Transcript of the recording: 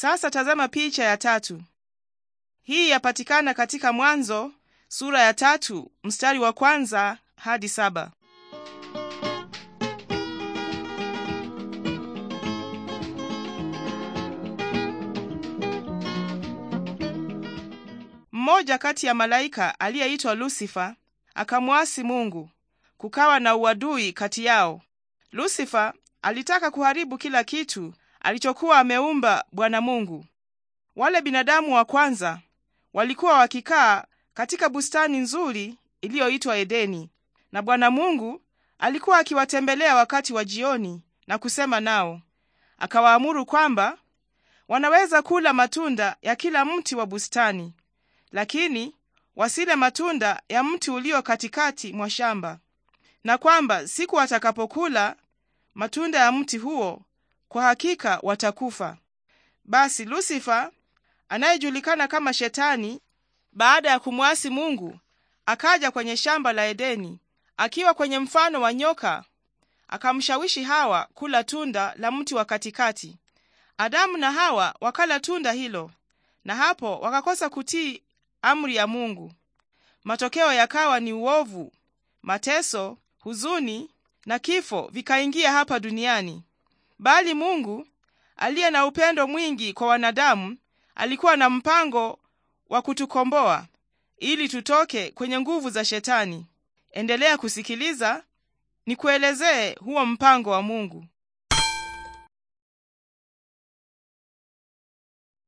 Sasa tazama picha ya tatu. Hii yapatikana katika Mwanzo sura ya tatu mstari wa kwanza hadi saba. Mmoja kati ya malaika aliyeitwa Lusifa akamwasi Mungu, kukawa na uadui kati yao. Lusifa alitaka kuharibu kila kitu alichokuwa ameumba Bwana Mungu. Wale binadamu wa kwanza walikuwa wakikaa katika bustani nzuri iliyoitwa Edeni, na Bwana Mungu alikuwa akiwatembelea wakati wa jioni na kusema nao. Akawaamuru kwamba wanaweza kula matunda ya kila mti wa bustani, lakini wasile matunda ya mti ulio katikati mwa shamba, na kwamba siku watakapokula matunda ya mti huo kwa hakika watakufa. Basi Lusifa anayejulikana kama Shetani, baada ya kumwasi Mungu, akaja kwenye shamba la Edeni akiwa kwenye mfano wa nyoka, akamshawishi Hawa kula tunda la mti wa katikati. Adamu na Hawa wakala tunda hilo, na hapo wakakosa kutii amri ya Mungu. Matokeo yakawa ni uovu, mateso, huzuni na kifo vikaingia hapa duniani bali Mungu aliye na upendo mwingi kwa wanadamu alikuwa na mpango wa kutukomboa ili tutoke kwenye nguvu za Shetani. Endelea kusikiliza nikuelezee huo mpango wa Mungu.